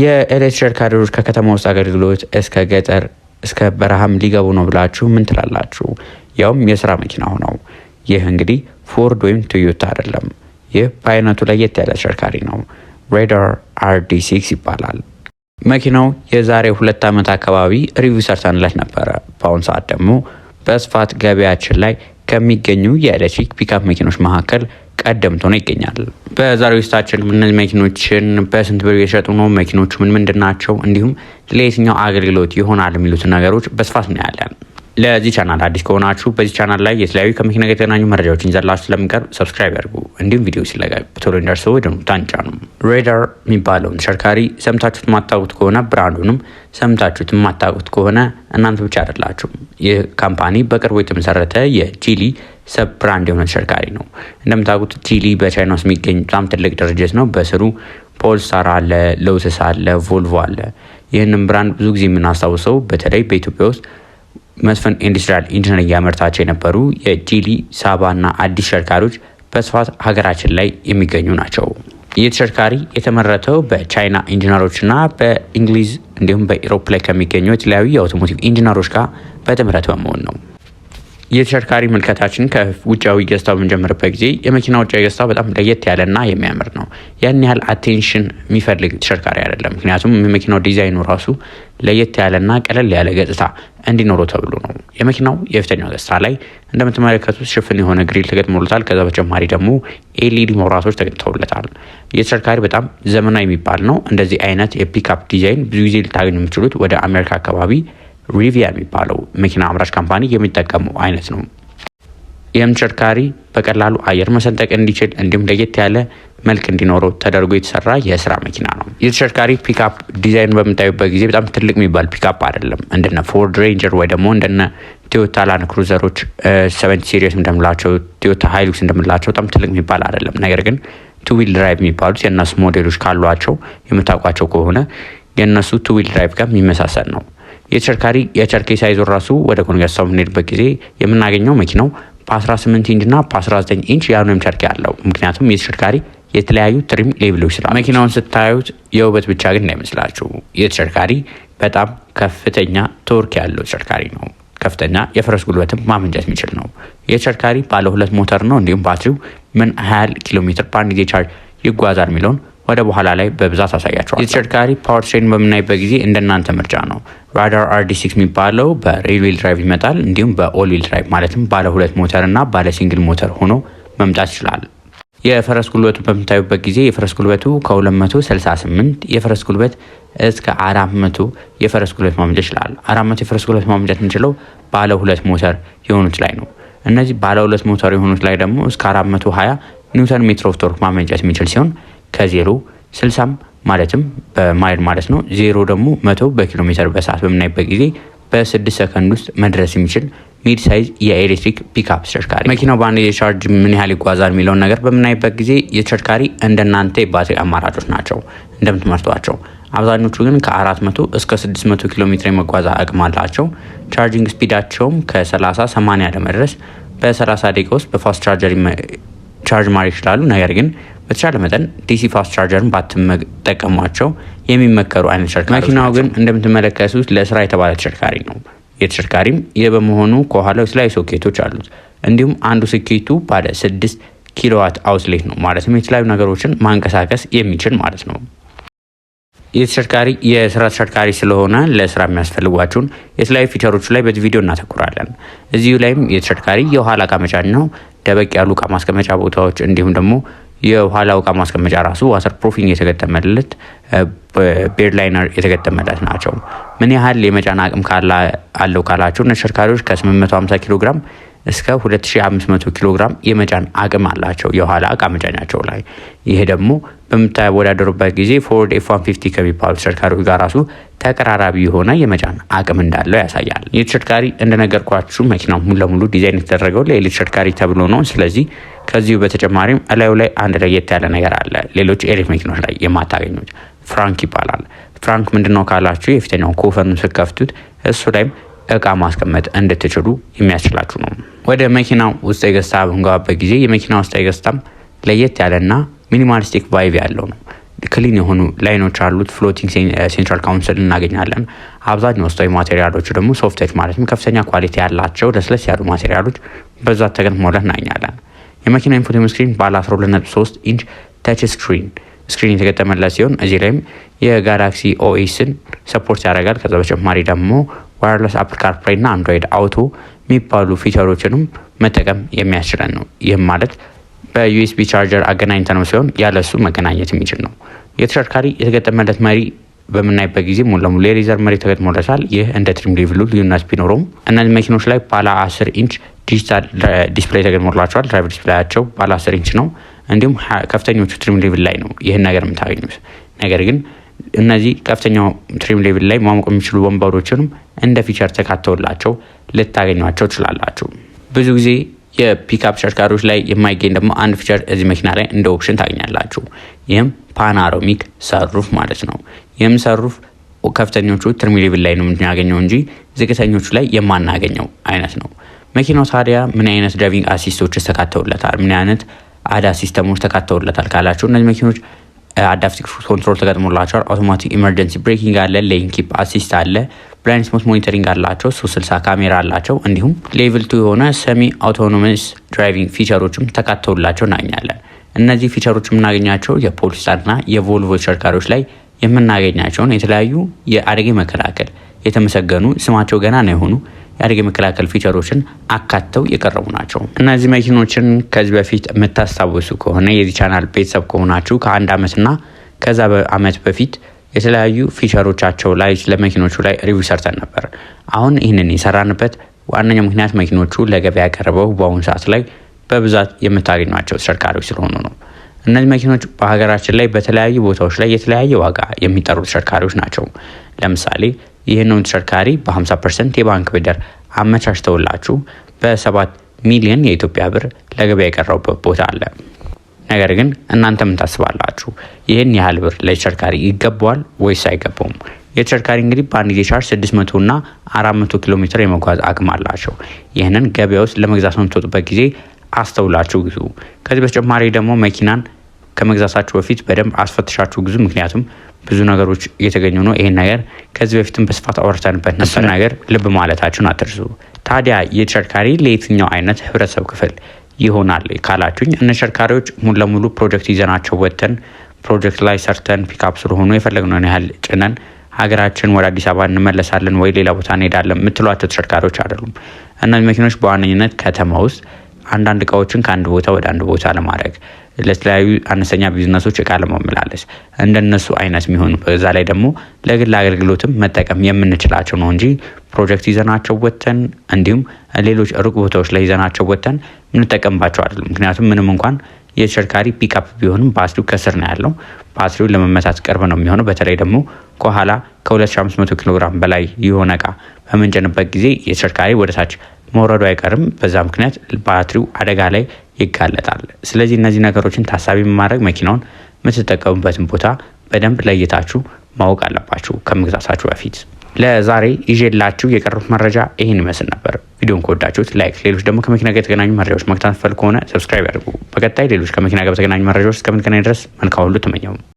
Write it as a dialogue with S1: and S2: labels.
S1: የኤሌክትሪክ ተሽከርካሪዎች ከከተማ ውስጥ አገልግሎት እስከ ገጠር እስከ በረሃም ሊገቡ ነው ብላችሁ ምን ትላላችሁ? ያውም የስራ መኪና ሆነው። ይህ እንግዲህ ፎርድ ወይም ቶዮታ አይደለም። ይህ በአይነቱ ለየት ያለ ተሽከርካሪ ነው። ሬዳር አርዲ ሲክስ ይባላል። መኪናው የዛሬ ሁለት ዓመት አካባቢ ሪቪው ሰርተንለት ነበረ። በአሁኑ ሰዓት ደግሞ በስፋት ገበያችን ላይ ከሚገኙ የኤሌክትሪክ ፒካፕ መኪኖች መካከል ቀደምት ሆኖ ይገኛል። በዛሬው ስታችን ምን መኪኖችን በስንት ብር የሸጡ ነው፣ መኪኖቹ ምን ምንድን ናቸው፣ እንዲሁም ለየትኛው አገልግሎት ይሆናል የሚሉትን ነገሮች በስፋት እናያለን። ለዚህ ቻናል አዲስ ከሆናችሁ በዚህ ቻናል ላይ የተለያዩ ከመኪና ጋር የተገናኙ መረጃዎችን ይዘላችሁ ስለምንቀርብ ሰብስክራይብ ያድርጉ። እንዲሁም ቪዲዮ ሲለቀቅ ቶሎ እንዲደርሰው የደወሉን ይጫኑ። ሬዳር የሚባለውን ተሽከርካሪ ሰምታችሁት የማታውቁት ከሆነ ብራንዱንም ሰምታችሁት የማታውቁት ከሆነ እናንተ ብቻ አይደላችሁም። ይህ ካምፓኒ በቅርቡ የተመሰረተ የጂሊ ሰብ ብራንድ የሆነ ተሽከርካሪ ነው። እንደምታውቁት ጂሊ በቻይና ውስጥ የሚገኝ በጣም ትልቅ ድርጅት ነው። በስሩ ፖልስታር አለ፣ ሎተስ አለ፣ ቮልቮ አለ። ይህንን ብራንድ ብዙ ጊዜ የምናስታውሰው በተለይ በኢትዮጵያ ውስጥ መስፍን ኢንዱስትሪያል ኢንጂነር እያመርታቸው የነበሩ የጂሊ ሳባና አዲስ ተሽከርካሪዎች በስፋት ሀገራችን ላይ የሚገኙ ናቸው። ይህ ተሽከርካሪ የተመረተው በቻይና ኢንጂነሮችና በእንግሊዝ እንዲሁም በኢሮፕ ላይ ከሚገኙ የተለያዩ የአውቶሞቲቭ ኢንጂነሮች ጋር በጥምረት በመሆን ነው። የተሽከርካሪ ምልከታችን ከውጫዊ ገጽታው በምንጀምርበት ጊዜ የመኪና ውጫዊ ገጽታው በጣም ለየት ያለና የሚያምር ነው። ያን ያህል አቴንሽን የሚፈልግ ተሽከርካሪ አይደለም። ምክንያቱም የመኪናው ዲዛይኑ ራሱ ለየት ያለና ቀለል ያለ ገጽታ እንዲኖረው ተብሎ ነው። የመኪናው የፊተኛው ገጽታ ላይ እንደምትመለከቱት ሽፍን የሆነ ግሪል ተገጥሞለታል። ከዛ በተጨማሪ ደግሞ ኤልኢዲ መብራቶች ተገጥተውለታል። የተሽከርካሪ በጣም ዘመናዊ የሚባል ነው። እንደዚህ አይነት የፒክአፕ ዲዛይን ብዙ ጊዜ ልታገኙ የምችሉት ወደ አሜሪካ አካባቢ ሪቪያ የሚባለው መኪና አምራች ካምፓኒ የሚጠቀመው አይነት ነው። ይህም ተሽከርካሪ በቀላሉ አየር መሰንጠቅ እንዲችል እንዲሁም ለየት ያለ መልክ እንዲኖረው ተደርጎ የተሰራ የስራ መኪና ነው። ይህ ተሽከርካሪ ፒክአፕ ዲዛይን በምታዩበት ጊዜ በጣም ትልቅ የሚባል ፒክአፕ አይደለም። እንደነ ፎርድ ሬንጀር ወይ ደግሞ እንደነ ቶዮታ ላንድ ክሩዘሮች ሰቨንቲ ሲሪስ እንደምላቸው፣ ቶዮታ ሃይሉክስ እንደምላቸው በጣም ትልቅ የሚባል አይደለም። ነገር ግን ቱዊል ድራይቭ የሚባሉት የእነሱ ሞዴሎች ካሏቸው የምታውቋቸው ከሆነ የእነሱ ቱዊል ድራይቭ ጋር የሚመሳሰል ነው። የተሽከርካሪ የቸርኬ ሳይዞር ራሱ ወደ ኮንግረስ ሰው የምንሄድበት ጊዜ የምናገኘው መኪናው በ18 ኢንች ና በ19 ኢንች የአሉሚኒየም ቸርኬ አለው። ምክንያቱም የተሽከርካሪ የተለያዩ ትሪም ሌብሎች ስላ መኪናውን ስታዩት የውበት ብቻ ግን እንዳይመስላችሁ። የተሽከርካሪ በጣም ከፍተኛ ቶርክ ያለው ተሽከርካሪ ነው። ከፍተኛ የፈረስ ጉልበትም ማመንጨት የሚችል ነው። የተሽከርካሪ ባለ ሁለት ሞተር ነው። እንዲሁም ባትሪው ምን ያህል ኪሎ ሜትር በአንድ ጊዜ ቻርጅ ይጓዛል የሚለውን ወደ በኋላ ላይ በብዛት አሳያቸዋል። የተሽከርካሪ ፓወር ትሬን በምናይበት ጊዜ እንደናንተ ምርጫ ነው። ራዳር አርዲ6 የሚባለው በሬል ዊል ድራይቭ ይመጣል። እንዲሁም በኦል ዊል ድራይቭ ማለትም ባለ ሁለት ሞተር እና ባለ ሲንግል ሞተር ሆኖ መምጣት ይችላል። የፈረስ ጉልበቱ በምታዩበት ጊዜ የፈረስ ጉልበቱ ከ268 የፈረስ ጉልበት እስከ 400 የፈረስ ጉልበት ማመንጨት ይችላል። 400 የፈረስ ጉልበት ማመንጨት የምንችለው ባለ ሁለት ሞተር የሆኑት ላይ ነው። እነዚህ ባለ ሁለት ሞተር የሆኑት ላይ ደግሞ እስከ 420 ኒውተን ሜትር ኦፍ ቶርክ ማመንጨት የሚችል ሲሆን ከዜሮ 60 ማለትም በማይል ማለት ነው። ዜሮ ደግሞ መቶ በኪሎ ሜትር በሰዓት በምናይበት ጊዜ በስድስት ሰከንድ ውስጥ መድረስ የሚችል ሚድ ሳይዝ የኤሌክትሪክ ፒክአፕ ተሽከርካሪ መኪናው በአንድ የቻርጅ ምን ያህል ይጓዛል የሚለውን ነገር በምናይበት ጊዜ የተሽከርካሪ እንደናንተ የባትሪ አማራጮች ናቸው እንደምትመርጧቸው። አብዛኞቹ ግን ከ400 እስከ 600 ኪሎ ሜትር የመጓዝ አቅም አላቸው። ቻርጂንግ ስፒዳቸውም ከ30 80 ለመድረስ በ30 ደቂቃ ውስጥ በፋስት ቻርጀር ቻርጅ ማድረግ ይችላሉ። ነገር ግን በተቻለ መጠን ዲሲ ፋስት ቻርጀርን ባትጠቀሟቸው የሚመከሩ አይነት ተሽከርካሪ። መኪናው ግን እንደምትመለከቱት ለስራ የተባለ ተሽከርካሪ ነው። የተሽከርካሪም ይህ በመሆኑ ከኋላው የተለያዩ ሶኬቶች አሉት። እንዲሁም አንዱ ስኬቱ ባለ ስድስት ኪሎዋት አውትሌት ነው። ማለትም የተለያዩ ነገሮችን ማንቀሳቀስ የሚችል ማለት ነው። የተሽከርካሪ የስራ ተሽከርካሪ ስለሆነ ለስራ የሚያስፈልጓቸውን የተለያዩ ፊቸሮቹ ላይ በዚህ ቪዲዮ እናተኩራለን። እዚሁ ላይም የተሽከርካሪ የኋላ እቃ መጫኛው ደበቅ ያሉ እቃ ማስቀመጫ ቦታዎች እንዲሁም ደግሞ የኋላ እቃ ማስቀመጫ ራሱ ዋተር ፕሩፊንግ የተገጠመለት ቤድ ላይነር የተገጠመለት ናቸው። ምን ያህል የመጫን አቅም አለው ካላቸው ተሽከርካሪዎች ከ850 ኪሎ ግራም እስከ 2500 ኪሎ ግራም የመጫን አቅም አላቸው የኋላ እቃ መጫኛቸው ላይ። ይሄ ደግሞ በምታወዳደሩበት ጊዜ ፎርድ ኤፍ 150 ከሚባሉ ተሽከርካሪዎች ጋር ራሱ ተቀራራቢ የሆነ የመጫን አቅም እንዳለው ያሳያል። ይህ ተሽከርካሪ እንደነገርኳችሁ መኪናው ሙሉ ለሙሉ ዲዛይን የተደረገው ለኤሌክትሪክ ተሽከርካሪ ተብሎ ነው። ስለዚህ ከዚሁ በተጨማሪም እላዩ ላይ አንድ ለየት ያለ ነገር አለ። ሌሎች ኤሌፍ መኪኖች ላይ የማታገኙት ፍራንክ ይባላል። ፍራንክ ምንድነው ካላችሁ የፊተኛው ኮፈኑን ስከፍቱት እሱ ላይም እቃ ማስቀመጥ እንድትችሉ የሚያስችላችሁ ነው። ወደ መኪና ውስጣዊ ገጽታ በምንገባበት ጊዜ የመኪና ውስጣዊ ገጽታም ለየት ያለና ሚኒማሊስቲክ ቫይቭ ያለው ነው። ክሊን የሆኑ ላይኖች አሉት። ፍሎቲንግ ሴንትራል ካውንስል እናገኛለን። አብዛኛው ውስጣዊ ማቴሪያሎቹ ደግሞ ሶፍቶች ማለትም ከፍተኛ ኳሊቲ ያላቸው ለስለስ ያሉ ማቴሪያሎች በዛ ተገጥሞለት እናገኛለን። የመኪና ኢንፎቴም ስክሪን ባለ 12.3 ኢንች ተች ስክሪን ስክሪን የተገጠመለት ሲሆን እዚህ ላይም የጋላክሲ ኦኤስን ሰፖርት ያደርጋል። ከዛ በተጨማሪ ደግሞ ዋየርለስ አፕል ካርፕላይ እና አንድሮይድ አውቶ የሚባሉ ፊቸሮችንም መጠቀም የሚያስችለን ነው። ይህም ማለት በዩኤስቢ ቻርጀር አገናኝተ ነው ሲሆን ያለሱ መገናኘት የሚችል ነው። የተሽከርካሪ የተገጠመለት መሪ በምናይበት ጊዜ ሙሉ ለሙሉ የሌዘር መሪ ተገጥሞለታል። ይህ እንደ ትሪም ሌቭሉ ልዩነት ቢኖረውም እነዚህ መኪኖች ላይ ባለ 10 ኢንች ዲጂታል ዲስፕላይ ተገድሞላቸዋል። ድራይቨር ዲስፕላያቸው ባለ አስር ኢንች ነው። እንዲሁም ከፍተኞቹ ትሪም ሌቭል ላይ ነው ይህን ነገር የምታገኙት። ነገር ግን እነዚህ ከፍተኛው ትሪም ሌቭል ላይ ማሞቅ የሚችሉ ወንበሮችንም እንደ ፊቸር ተካተውላቸው ልታገኟቸው ትችላላችሁ። ብዙ ጊዜ የፒክአፕ ተሽከርካሪዎች ላይ የማይገኝ ደግሞ አንድ ፊቸር እዚህ መኪና ላይ እንደ ኦፕሽን ታገኛላችሁ። ይህም ፓናሮሚክ ሰሩፍ ማለት ነው። ይህም ሰሩፍ ከፍተኞቹ ትሪም ሌቭል ላይ ነው የምናገኘው እንጂ ዝቅተኞቹ ላይ የማናገኘው አይነት ነው። መኪናው ታዲያ ምን አይነት ድራይቪንግ አሲስቶችስ ተካተውለታል፣ ምን አይነት አዳ ሲስተሞች ተካተውለታል ካላችሁ እነዚህ መኪኖች አዳፕቲቭ uh, ኮንትሮል ተገጥሞላቸዋል። አውቶማቲክ ኢመርጀንሲ ብሬኪንግ አለ፣ ሌን ኪፕ አሲስት አለ፣ ብላይንድ ስፖት ሞኒተሪንግ አላቸው፣ ሶስት ስልሳ ካሜራ አላቸው። እንዲሁም ሌቭል ቱ የሆነ ሰሚ አውቶኖመስ ድራይቪንግ ፊቸሮችም ተካተውላቸው እናገኛለን። እነዚህ ፊቸሮች የምናገኛቸው የፖሊስታርና የቮልቮ ተሽከርካሪዎች ላይ የምናገኛቸውን የተለያዩ የአደጋ መከላከል የተመሰገኑ ስማቸው ገና ነው የሆኑ የአደጋ የመከላከል ፊቸሮችን አካተው የቀረቡ ናቸው። እነዚህ መኪኖችን ከዚህ በፊት የምታስታውሱ ከሆነ የዚህ ቻናል ቤተሰብ ከሆናችሁ ከአንድ አመትና ከዛ ዓመት በፊት የተለያዩ ፊቸሮቻቸው ላይ ለመኪኖቹ ላይ ሪቪው ሰርተን ነበር። አሁን ይህንን የሰራንበት ዋነኛው ምክንያት መኪኖቹ ለገበያ ቀርበው በአሁኑ ሰዓት ላይ በብዛት የምታገኟቸው ተሽከርካሪዎች ስለሆኑ ነው። እነዚህ መኪኖች በሀገራችን ላይ በተለያዩ ቦታዎች ላይ የተለያየ ዋጋ የሚጠሩ ተሽከርካሪዎች ናቸው። ለምሳሌ ይህንን ተሽከርካሪ በ50 ፐርሰንት የባንክ ብድር አመቻችተውላችሁ በ7 ሚሊዮን የኢትዮጵያ ብር ለገበያ የቀረቡበት ቦታ አለ። ነገር ግን እናንተ ምን ታስባላችሁ? ይህን ያህል ብር ለተሽከርካሪ ይገባዋል ወይስ አይገባውም? የተሽከርካሪ እንግዲህ በአንድ ጊዜ ቻርጅ 600 እና 400 ኪሎ ሜትር የመጓዝ አቅም አላቸው። ይህንን ገበያ ውስጥ ለመግዛት በምትወጡበት ጊዜ አስተውላችሁ ግዙ። ከዚህ በተጨማሪ ደግሞ መኪናን ከመግዛታችሁ በፊት በደንብ አስፈትሻችሁ ግዙ። ምክንያቱም ብዙ ነገሮች እየተገኙ ነው። ይህን ነገር ከዚህ በፊትም በስፋት አውርተንበት ነበር። ነገር ልብ ማለታችሁን አትርሱ። ታዲያ የተሽከርካሪ ለየትኛው አይነት ህብረተሰብ ክፍል ይሆናል ካላችሁኝ፣ እነ ተሽከርካሪዎች ሙሉ ለሙሉ ፕሮጀክት ይዘናቸው ወጥተን ፕሮጀክት ላይ ሰርተን ፒክአፕ ስለሆኑ የፈለግነውን ያህል ጭነን ሀገራችን ወደ አዲስ አበባ እንመለሳለን ወይ ሌላ ቦታ እንሄዳለን የምትሏቸው ተሽከርካሪዎች አይደሉም። እነዚህ መኪኖች በዋነኝነት ከተማ ውስጥ አንዳንድ እቃዎችን ከአንድ ቦታ ወደ አንድ ቦታ ለማድረግ ለተለያዩ አነስተኛ ቢዝነሶች እቃ ለማመላለስ እንደነሱ አይነት የሚሆኑ በዛ ላይ ደግሞ ለግል አገልግሎትም መጠቀም የምንችላቸው ነው እንጂ ፕሮጀክት ይዘናቸው ወጥተን እንዲሁም ሌሎች ሩቅ ቦታዎች ላይ ይዘናቸው ወጥተን የምንጠቀምባቸው አይደለም። ምክንያቱም ምንም እንኳን የተሽከርካሪ ፒክአፕ ቢሆንም ባትሪው ከስር ነው ያለው። ባትሪው ለመመታት ቅርብ ነው የሚሆነው። በተለይ ደግሞ ከኋላ ከ2500 ኪሎግራም በላይ የሆነ እቃ በምንጭንበት ጊዜ የተሽከርካሪ ወደታች መውረዱ አይቀርም። በዛ ምክንያት ባትሪው አደጋ ላይ ይጋለጣል። ስለዚህ እነዚህ ነገሮችን ታሳቢ በማድረግ መኪናውን የምትጠቀሙበትን ቦታ በደንብ ለይታችሁ ማወቅ አለባችሁ ከመግዛታችሁ በፊት። ለዛሬ ይዤላችሁ የቀሩት መረጃ ይህን ይመስል ነበር። ቪዲዮን ከወዳችሁት ላይክ፣ ሌሎች ደግሞ ከመኪና ጋር የተገናኙ መረጃዎች መከታተል ከሆነ ሰብስክራይብ ያድርጉ። በቀጣይ ሌሎች ከመኪና ጋር በተገናኙ መረጃዎች እስከምንገናኝ ድረስ መልካም ሁሉ ተመኘው።